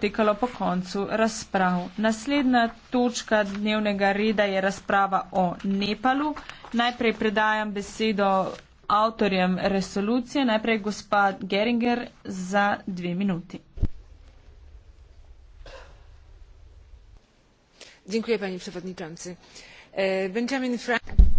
potekalo po koncu razprav. Naslednja točka dnevnega reda je razprava o Nepalu. Najprej predajam besedo avtorjem resolucije, najprej gospod Geringer za dve minuti. Dziękuję, panie przewodniczący. E, Benjamin Franklin.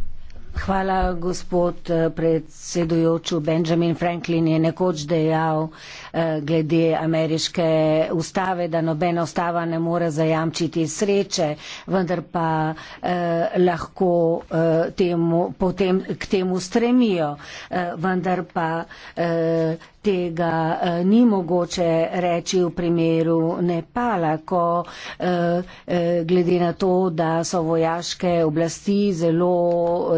Hvala, gospod eh, predsedujoču. Benjamin Franklin je nekoč dejal eh, glede ameriške ustave, da nobena ustava ne more zajamčiti sreče, vendar pa eh, lahko eh, temu, potem, k temu stremijo. Eh, vendar pa eh, tega eh, ni mogoče reči v primeru Nepala, ko eh, eh glede na to, da so vojaške oblasti zelo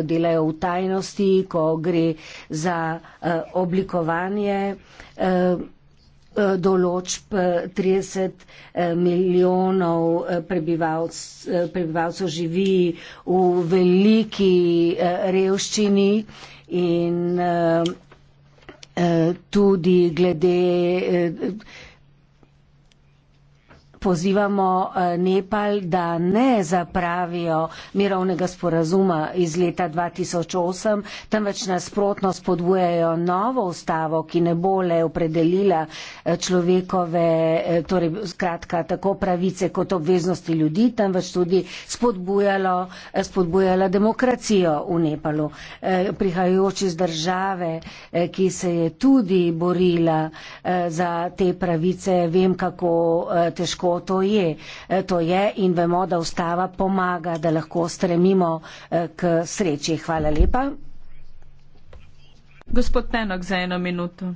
delajo ostajajo v tajnosti, ko gre za uh, oblikovanje uh, določb 30 milijonov prebivalcev, prebivalcev živi v veliki uh, revščini in uh, uh, tudi glede. Uh, pozivamo eh, Nepal, da ne zapravijo mirovnega sporazuma iz leta 2008, temveč nasprotno spodbujajo novo ustavo, ki ne bo le opredelila eh, človekove, eh, torej skratka, tako pravice kot obveznosti ljudi, temveč tudi spodbujalo, spodbujala demokracijo v Nepalu. Prihajajoči iz države, ki se je tudi borila za te pravice, vem, kako težko to je. E, to je in vemo, da ustava pomaga, da lahko stremimo e, k sreči. Hvala lepa. Gospod Tenok za eno minuto.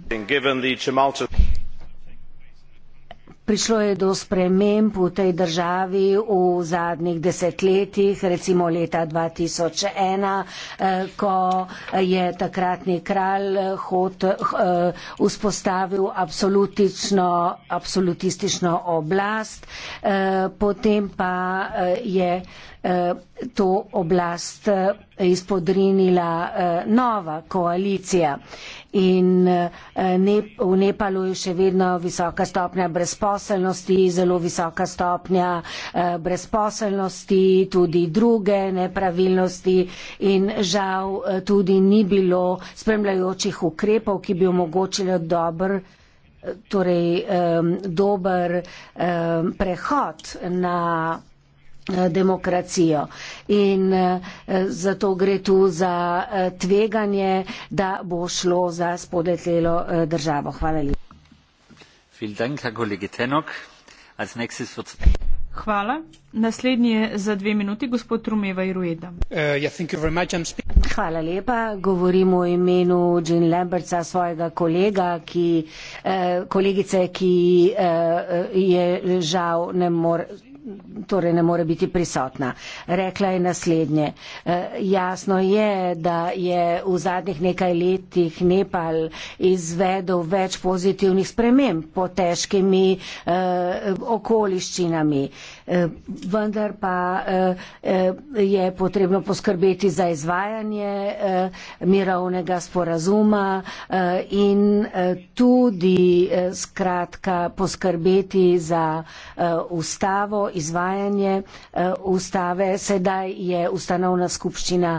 Prišlo je do sprememb v tej državi v zadnjih desetletjih, recimo leta 2001, eh, ko je takratni kralj hot, eh, vzpostavil absolutistično oblast, eh, potem pa je to oblast izpodrinila nova koalicija in eh, v Nepalu je še vedno visoka stopnja brezposelnosti, zelo visoka stopnja eh, brezposelnosti, tudi druge nepravilnosti in žal eh, tudi ni bilo spremljajočih ukrepov, ki bi omogočili dober torej um, dober um, prehod na Eh, demokracijo. In eh, zato gre tu za eh, tveganje, da bo šlo za spodletelo državo. Hvala lepa. Hvala. Naslednji je za dve minuti gospod Rumeva Irueda. Uh, Hvala lepa. Govorim o imenu Jean Lamberta, svojega kolega, ki, kolegice, ki je žal ne more torej ne more biti prisotna. Rekla je naslednje. E, jasno je, da je v zadnjih nekaj letih Nepal izvedel več pozitivnih sprememb po težkimi e, okoliščinami. Eh, vendar pa eh, eh, je potrebno poskrbeti za izvajanje mirovnega sporazuma in tudi skratka poskrbeti za ustavo, izvajanje ustave. Sedaj je ustanovna skupščina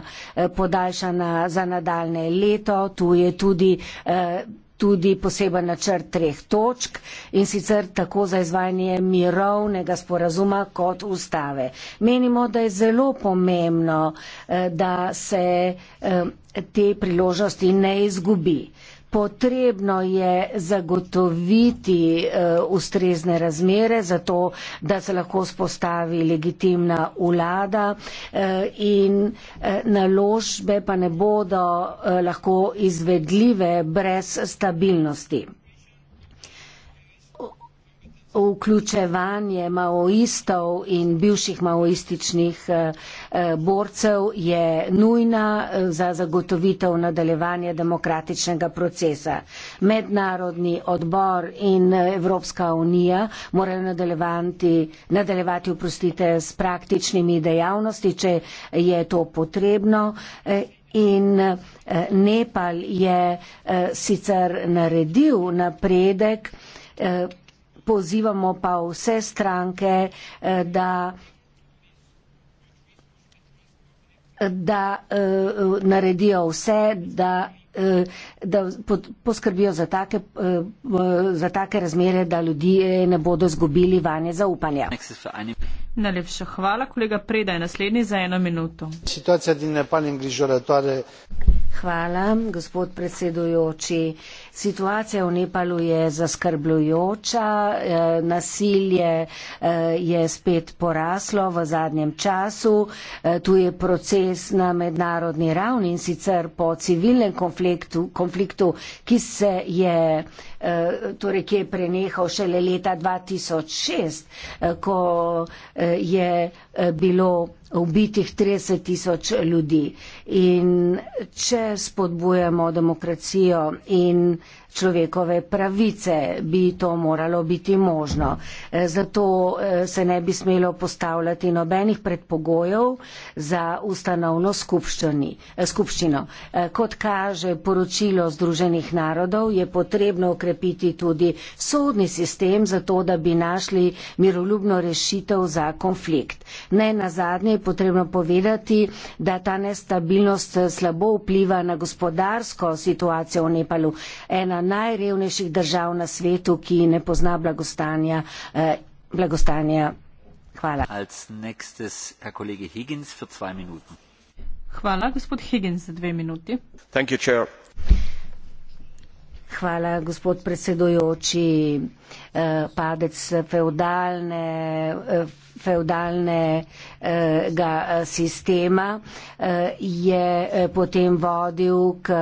podaljšana za nadaljne leto, tu je tudi tudi poseben načrt treh točk in sicer tako za izvajanje mirovnega sporazuma kot ustave. Menimo, da je zelo pomembno, eh, da se eh, te priložnosti ne izgubi. Potrebno je zagotoviti uh, ustrezne razmere za to, da se lahko spostavi legitimna vlada uh, in uh, naložbe pa ne bodo uh, lahko izvedljive brez stabilnosti vključevanje maoistov in bivših maoističnih eh, eh, borcev je nujna eh, za zagotovitev nadaljevanja demokratičnega procesa. Mednarodni odbor in Evropska unija morajo nadaljevati, nadaljevati oprostite, s praktičnimi dejavnosti, če je to potrebno. In Nepal je sicer naredil napredek pozivamo pa vse stranke, eh, da da uh, naredijo vse, da, uh, da poskrbijo za take, uh, za take razmere, da ljudje ne bodo zgubili vanje zaupanja. Najlepša hvala. Kolega Preda je naslednji za eno minuto. Situacija din Nepal je grižoratore. Hvala, gospod predsedujoči. Situacija v Nepalu je zaskrbljujoča, eh, nasilje eh, je spet poraslo v zadnjem času, eh, tu je proces na mednarodni ravni in sicer po civilnem konfliktu, konfliktu ki se je Eh, torej ki je prenehal šele leta 2006, eh, ko eh, je bilo ubitih 30 tisoč ljudi. In če spodbujamo demokracijo in človekove pravice, bi to moralo biti možno. E, zato e, se ne bi smelo postavljati nobenih predpogojev za ustanovno e, skupščino. Kot kaže poročilo Združenih narodov, je potrebno okrepiti tudi sodni sistem, zato da bi našli miroljubno rešitev za konflikt. Ne na zadnje je potrebno povedati, da ta nestabilnost slabo vpliva na gospodarsko situacijo v Nepalu, ena najrevnejših držav na svetu, ki ne pozna blagostanja. Eh, blagostanja. Hvala. Hvala, gospod Higgins, za dve minuti. Thank you, chair. Hvala, gospod predsedujoči. Eh, padec feudalne. Eh, feudalnega eh, sistema, eh, je eh, potem vodil k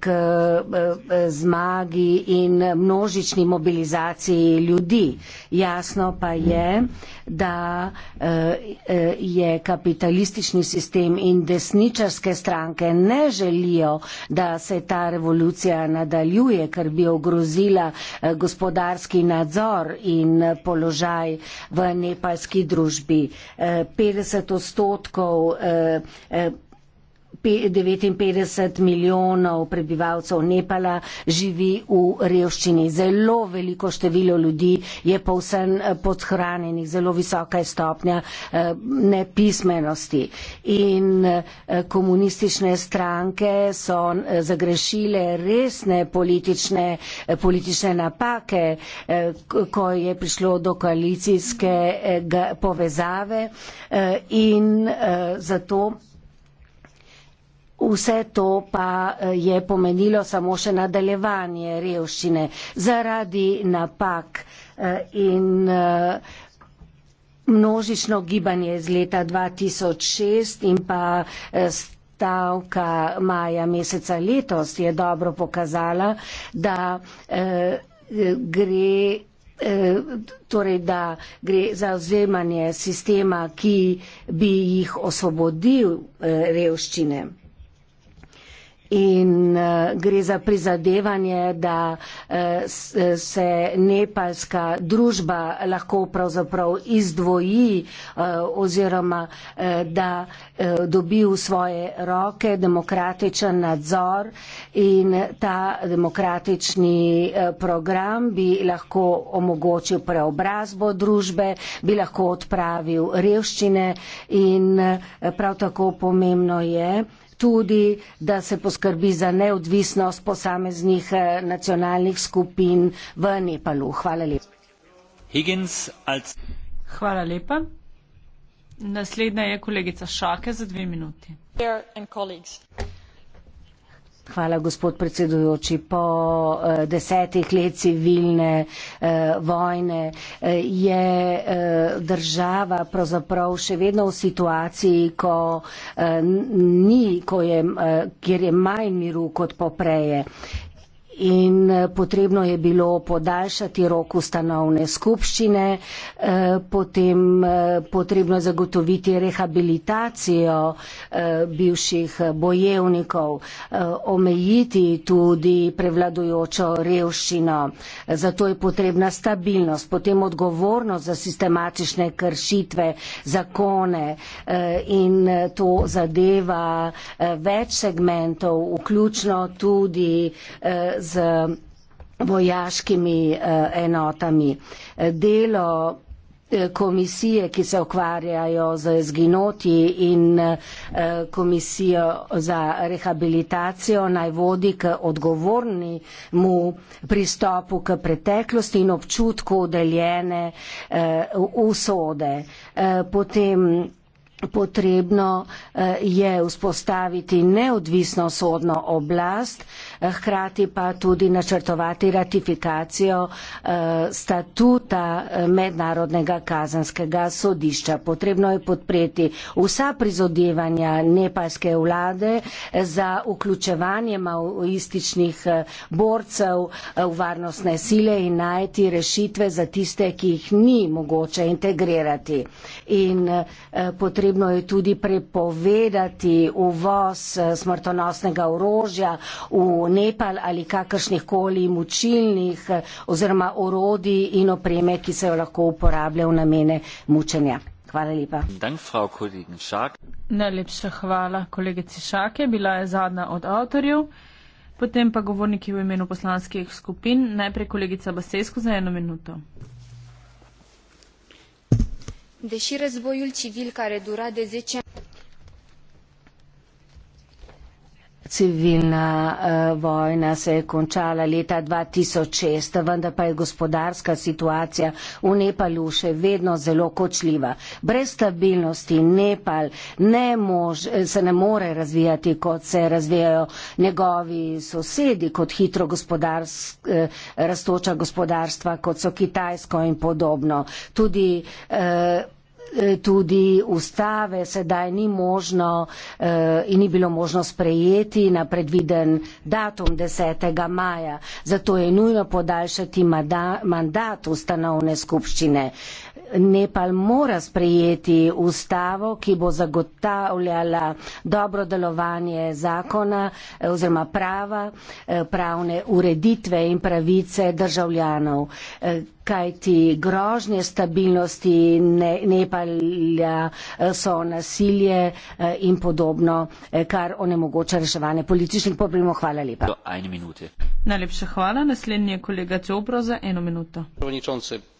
k e, zmagi in množični mobilizaciji ljudi. Jasno pa je, da e, e, je kapitalistični sistem in desničarske stranke ne želijo, da se ta revolucija nadaljuje, ker bi ogrozila gospodarski nadzor in položaj v nepalski družbi. 50 odstotkov 59 milijonov prebivalcev Nepala živi v revščini. Zelo veliko število ljudi je povsem eh, podhranjenih, zelo visoka je stopnja eh, nepismenosti. In eh, komunistične stranke so zagrešile resne politične, politične napake, ko je prišlo do koalicijske povezave in zato Vse to pa eh, je pomenilo samo še nadaljevanje revščine zaradi napak eh, in eh, množično gibanje iz leta 2006 in pa stavka maja meseca letos je dobro pokazala, da, eh, gre, eh, torej, da gre za vzemanje sistema, ki bi jih osvobodil eh, revščine in uh, gre za prizadevanje, da uh, se nepalska družba lahko pravzaprav izdvoji uh, oziroma uh, da uh, dobi v svoje roke demokratičen nadzor in ta demokratični uh, program bi lahko omogočil preobrazbo družbe, bi lahko odpravil revščine in uh, prav tako pomembno je, tudi, da se poskrbi za neodvisnost posameznih eh, nacionalnih skupin v Nepalu. Hvala lepa. Hvala lepa. Naslednja je kolegica Šake za dve minuti. Dear and colleagues. Hvala, gospod predsedujoči. Po eh, desetih let civilne eh, vojne eh, je eh, država pravzaprav še vedno v situaciji, ko, eh, ni, ko je, eh, kjer je manj miru kot popreje in eh, potrebno je bilo podaljšati rok ustanovne skupščine, eh, potem eh, potrebno zagotoviti rehabilitacijo bivših bojevnikov, omejiti tudi prevladujočo revščino. Zato je potrebna stabilnost, potem odgovornost za sistematične kršitve, zakone in to zadeva več segmentov, vključno tudi z vojaškimi eh, enotami. Delo eh, komisije, ki se ukvarjajo z zginoti in eh, komisijo za rehabilitacijo naj vodi k odgovornemu pristopu k preteklosti in občutku deljene usode. Potem potrebno je vzpostaviti neodvisno sodno oblast, Eh, hkrati pa tudi načrtovati ratifikacijo eh, statuta eh, Mednarodnega kazanskega sodišča. Potrebno je podpreti vsa prizodevanja nepalske vlade za vključevanje maoističnih borcev v varnostne sile in najti rešitve za tiste, ki jih ni mogoče integrirati. In potrebno je tudi prepovedati uvoz smrtonosnega orožja v Nepal ali kakršnih koli mučilnih eh, oziroma orodij in opreme, ki se jo lahko uporablja v namene mučenja. Hvala lepa. Najlepša hvala kolegici Šake, bila je zadnja od avtorjev. Potem pa govorniki v imenu poslanskih skupin. Najprej kolegica Basesko za eno minuto. Deși războiul civil care dura de 10 ani. civilna uh, vojna se je končala leta 2006, vendar pa je gospodarska situacija v Nepalu še vedno zelo kočljiva. Brez stabilnosti Nepal ne mož, eh, se ne more razvijati, kot se razvijajo njegovi sosedi, kot hitro gospodarsk, uh, eh, rastoča gospodarstva, kot so Kitajsko in podobno. Tudi uh, Eh, tudi ustave sedaj ni možno eh, in ni bilo možno sprejeti na predviden datum 10. maja. Zato je nujno podaljšati mandat ustanovne skupščine. Eh, Nepal mora sprejeti ustavo, ki bo zagotavljala dobro delovanje zakona eh, oziroma prava, eh, pravne ureditve in pravice državljanov. Eh, Kaj ti grožnje stabilnosti Nepalja so nasilje in podobno, kar onemogoča reševanje političnih problemov. Hvala lepa. Najlepša hvala. Naslednji je kolega Čobro za eno minuto.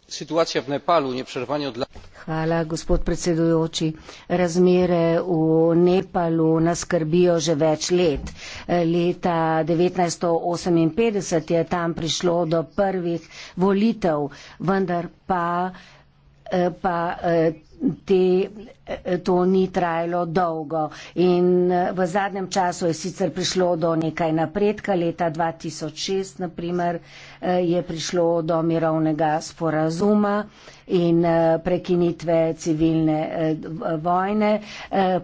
Situacija v Nepalu neprerpanje odla. Hvala, gospod predsedujoči. Razmere v Nepalu nas skrbijo že več let. Leta 1958 je tam prišlo do prvih volitev, vendar pa, eh, pa eh, te, eh, to ni trajalo dolgo. In eh, v zadnjem času je sicer prišlo do nekaj napredka. Leta 2006, naprimer, eh, je prišlo do mirovnega sporazuma in prekinitve civilne vojne,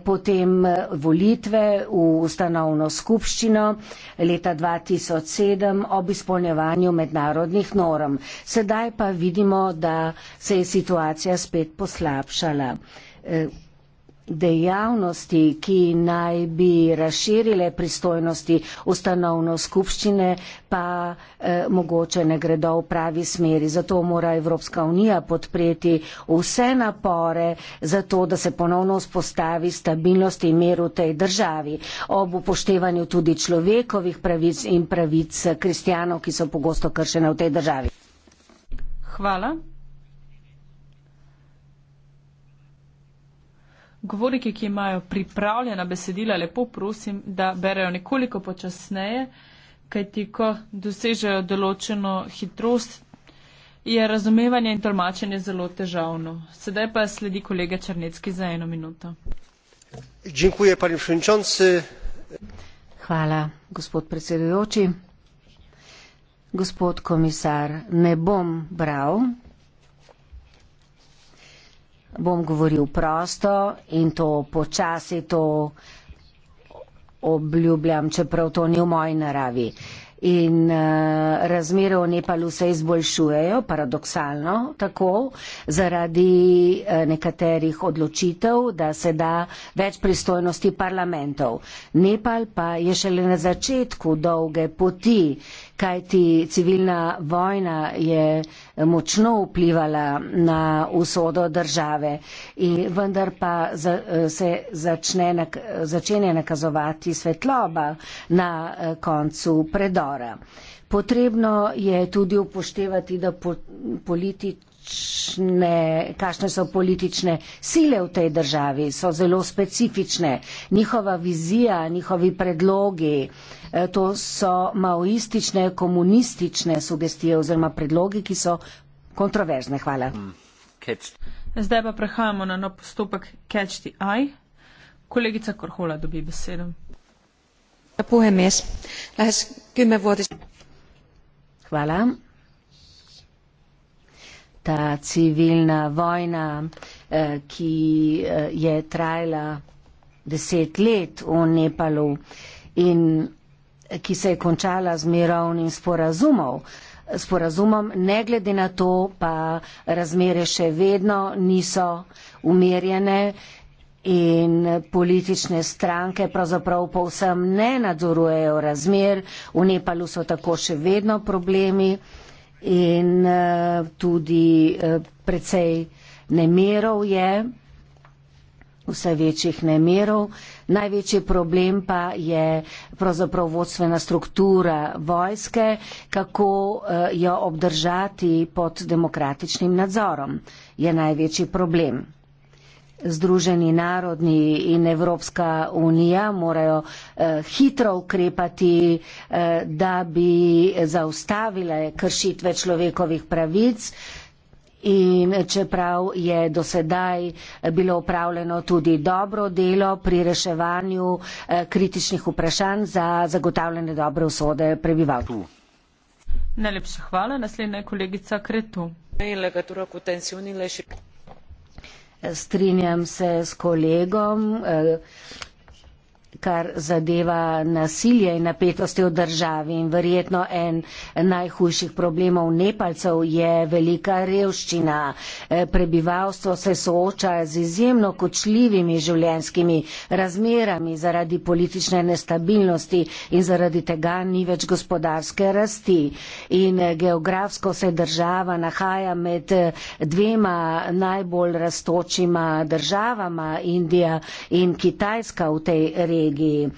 potem volitve v ustanovno skupščino leta 2007 ob izpolnjevanju mednarodnih norm. Sedaj pa vidimo, da se je situacija spet poslabšala olajšala. Eh, dejavnosti, ki naj bi razširile pristojnosti ustanovno skupščine, pa eh, mogoče ne gredo v pravi smeri. Zato mora Evropska unija podpreti vse napore za to, da se ponovno vzpostavi stabilnost in mir v tej državi. Ob upoštevanju tudi človekovih pravic in pravic eh, kristijanov, ki so pogosto kršene v tej državi. Hvala. Govorniki, ki imajo pripravljena besedila, lepo prosim, da berejo nekoliko počasneje, kajti ko dosežejo določeno hitrost, je razumevanje in tolmačenje zelo težavno. Sedaj pa sledi kolega Črnecki za eno minuto. Hvala, gospod predsedujoči. Gospod komisar, ne bom bral bom govoril prosto in to počasi, to obljubljam, čeprav to ni v moji naravi. In uh, razmere v Nepalu se izboljšujejo, paradoksalno tako, zaradi uh, nekaterih odločitev, da se da več pristojnosti parlamentov. Nepal pa je šele na začetku dolge poti, kajti civilna vojna je močno vplivala na usodo države. In vendar pa za, eh, se začne, začne nakazovati svetloba na eh, koncu predora. Potrebno je tudi upoštevati, da po, politik politične, kakšne so politične sile v tej državi, so zelo specifične. Njihova vizija, njihovi predlogi, eh, to so maoistične, komunistične sugestije oziroma predlogi, ki so kontroverzne. Hvala. Hmm, Zdaj pa prehajamo na nov postopek Catch the Eye. Kolegica Korhola dobi besedo. Hvala ta civilna vojna, eh, ki eh, je trajala deset let v Nepalu in ki se je končala z mirovnim sporazumom. Sporazumom, ne glede na to, pa razmere še vedno niso umirjene in politične stranke pravzaprav povsem ne nadzorujejo razmer. V Nepalu so tako še vedno problemi. Uh, in eh, tudi eh, precej nemerov je, vse večjih nemerov. Največji problem pa je pravzaprav vodstvena struktura vojske, kako eh, jo obdržati pod demokratičnim nadzorom, je največji problem. Združeni narodi in Evropska unija morajo eh, hitro ukrepati, eh, da bi zaustavile kršitve človekovih pravic. In čeprav je do sedaj bilo upravljeno tudi dobro delo pri reševanju eh, kritičnih vprašanj za zagotavljanje dobre usode prebivalstva. Najlepša hvala. Naslednja je kolegica Kretu. Strinjam se s kolegom, eh, kar zadeva nasilje in napetosti v državi in verjetno en najhujših problemov Nepalcev je velika revščina. E, prebivalstvo se sooča z izjemno kočljivimi življenskimi razmerami zaradi politične nestabilnosti in zaradi tega ni več gospodarske rasti. In e, geografsko se država nahaja med e, dvema najbolj rastočima državama, Indija in Kitajska v tej regiji regiji,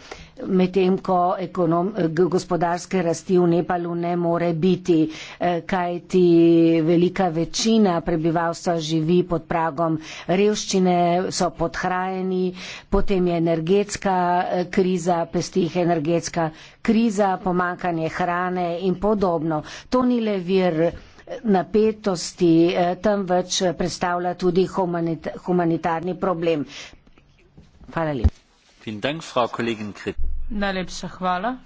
medtem ko ekonom, gospodarske rasti v Nepalu ne more biti, eh, kajti velika večina prebivalstva živi pod pragom revščine, so podhrajeni, potem je energetska eh, kriza, pestih energetska kriza, pomankanje hrane in podobno. To ni le vir eh, napetosti, temveč predstavlja tudi humanitarni problem. Hvala lepa. Najlepša hvala.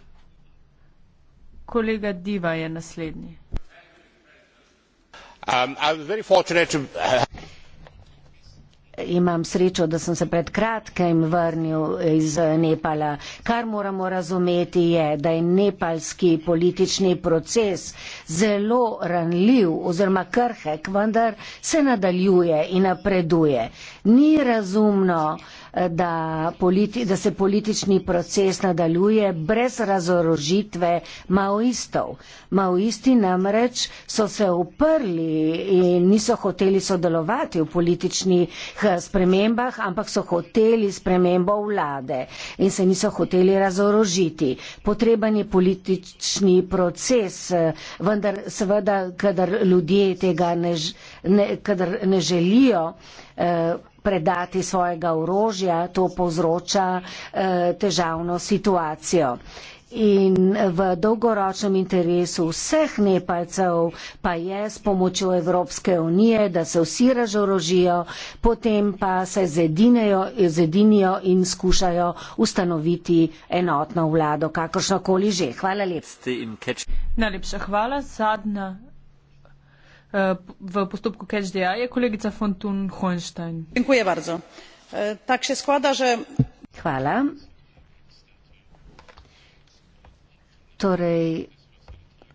Kolega Diva je naslednji. Um, uh, Imam srečo, da sem se pred kratkim vrnil iz eh, Nepala. Kar moramo razumeti je, da je nepalski politični proces zelo ranljiv oziroma krhek, vendar se nadaljuje in napreduje. Ni razumno, uh, da, politi, da se politični proces nadaljuje brez razorožitve maoistov. Maoisti namreč so se uprli in niso hoteli sodelovati v političnih eh, spremembah, ampak so hoteli spremembo vlade in se niso hoteli razorožiti. Potreben je politični proces, eh, vendar seveda, kadar ljudje tega ne, ne, kadar ne želijo, eh, predati svojega orožja, to povzroča eh, težavno situacijo. In v dolgoročnem interesu vseh nepalcev pa je s pomočjo Evropske unije, da se vsi razorožijo, potem pa se zedinejo, zedinijo in skušajo ustanoviti enotno vlado, kakršnokoli že. Hvala lepa. Najlepša hvala. Zadnja w postępku Catch the Eye, kolegica Fontun Hohenstein. Dziękuję bardzo. E, tak się składa, że. Chwala. Torej,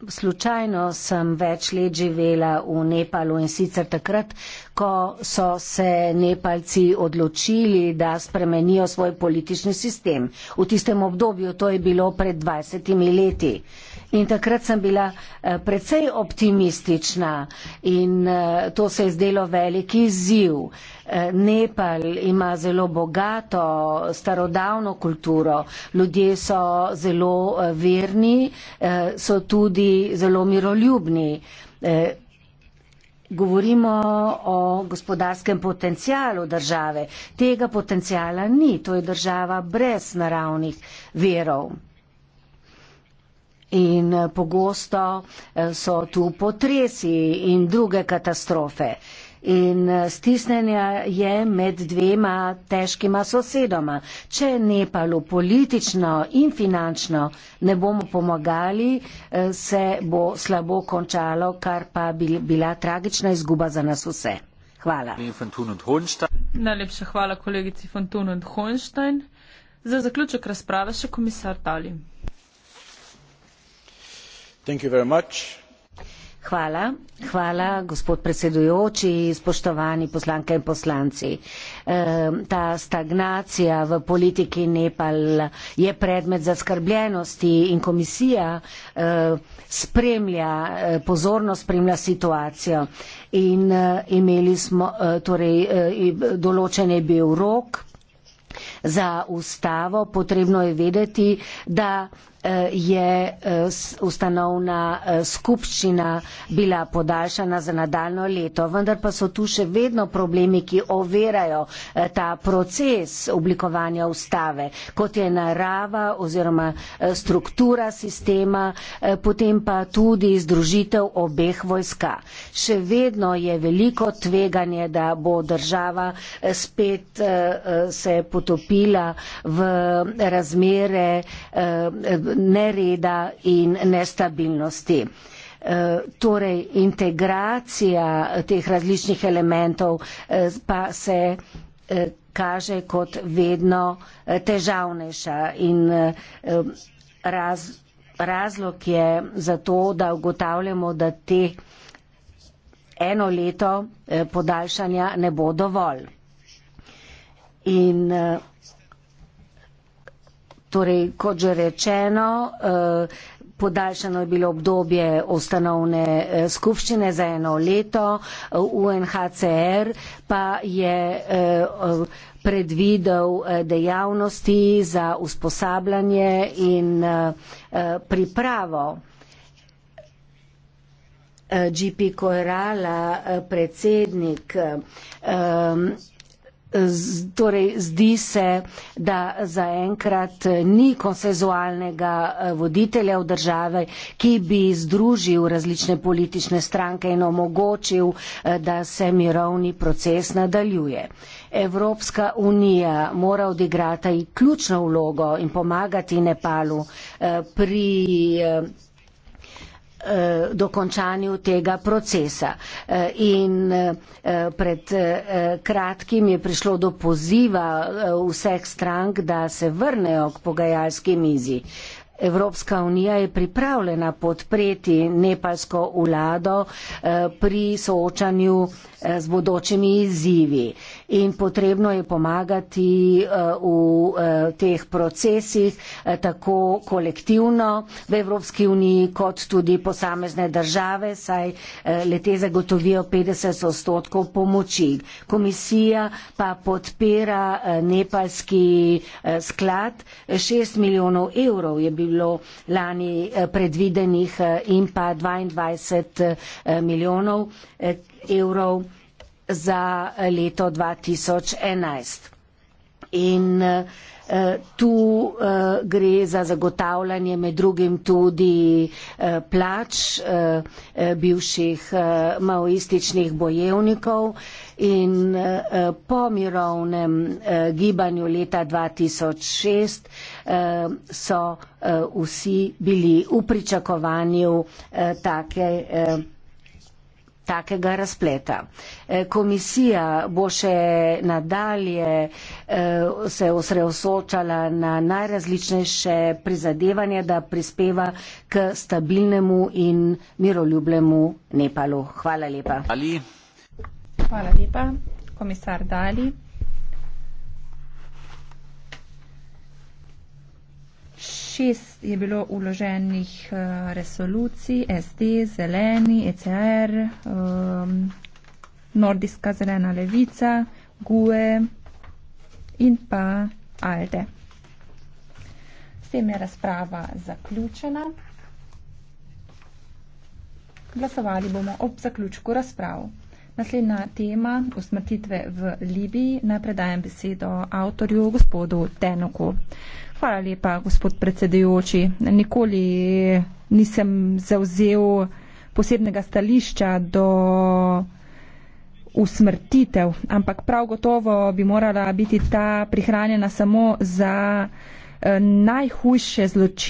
slučajno sem več let živela v Nepalu in sicer takrat, ko so se Nepalci odločili, da spremenijo svoj politični sistem. V tistem obdobju to je bilo pred 20 leti. In takrat sem bila eh, precej optimistična in eh, to se je zdelo veliki izziv. Eh, Nepal ima zelo bogato starodavno kulturo, ljudje so zelo verni, so tudi zelo miroljubni. Govorimo o gospodarskem potencijalu države. Tega potencijala ni, to je država brez naravnih verov in eh, pogosto eh, so tu potresi in druge katastrofe. In eh, stisnenja je med dvema težkima sosedoma. Če Nepalu politično in finančno ne bomo pomagali, se bo slabo končalo, kar pa bi bila tragična izguba za nas vse. Hvala. Najlepša hvala kolegici Fontun und Honstein. Za zaključek razprave še komisar Talim. Hvala, gospod predsedujoči, spoštovani poslanke in poslanci. Eh, ta stagnacija v politiki Nepal je predmet zaskrbljenosti in komisija eh, spremlja, eh, pozorno spremlja situacijo. In imeli smo, torej določen je bil rok za ustavo, potrebno je vedeti, da je eh, ustanovna eh, skupščina bila podaljšana za nadaljno leto, vendar pa so tu še vedno problemi, ki overajo eh, ta proces oblikovanja ustave, kot je narava oziroma struktura sistema, potem pa tudi združitev obeh vojska. Še vedno je veliko tveganje, da bo država spet se potopila v razmere nereda in nestabilnosti. Eh, torej, integracija teh različnih elementov eh, pa se eh, kaže kot vedno težavnejša in raz, razlog je za to, da ugotavljamo, da te eno leto podaljšanja ne bo dovolj. In Torej, kot že rečeno, eh, podaljšano je bilo obdobje ustanovne eh, skupščine za eno leto, eh, UNHCR pa je predvidel dejavnosti za usposabljanje in pripravo. GP Koerala, predsednik Z, torej, zdi se, da zaenkrat eh, ni konsenzualnega eh, voditelja v državi, ki bi združil različne politične stranke in omogočil, eh, da se mirovni proces nadaljuje. Evropska unija mora odigrati ključno vlogo in pomagati Nepalu pri Eh, dokončanju tega procesa. Eh, in eh, pred kratkim je prišlo do poziva vseh strank, da se vrnejo k pogajalski mizi. Evropska unija je pripravljena podpreti nepalsko vlado pri soočanju Eh, z bodočimi izzivi. In potrebno je pomagati eh, v eh, teh procesih tako kolektivno v Evropski uniji, kot tudi posamezne države, saj lete zagotovijo 50 odstotkov pomoči. Komisija pa podpira nepalski sklad. 6 milijonov evrov je bilo lani predvidenih in pa 22 milijonov, evrov za leto 2011. In eh, tu eh, gre za zagotavljanje med drugim tudi eh, plač bivših maoističnih bojevnikov in po mirovnem gibanju leta 2006 so vsi bili v pričakovanju take takega razpleta. E, komisija bo še nadalje e, se osreosočala na najrazličnejše prizadevanja, da prispeva k stabilnemu in miroljubljemu Nepalu. Hvala lepa. Hvala lepa, komisar Dali. šest je bilo uloženih uh, eh, resolucij, SD, zeleni, ECR, um, ehm, nordijska zelena levica, GUE in pa ALDE. S tem je razprava zaključena. Glasovali bomo ob zaključku razprav. Naslednja tema usmrtitve v Libiji. Najprej dajem besedo avtorju, gospodu Tenoku. Hvala lepa, gospod predsedujoči. Nikoli nisem zauzel posebnega stališča do usmrtitev, ampak prav gotovo bi morala biti ta prihranjena samo za eh, najhujše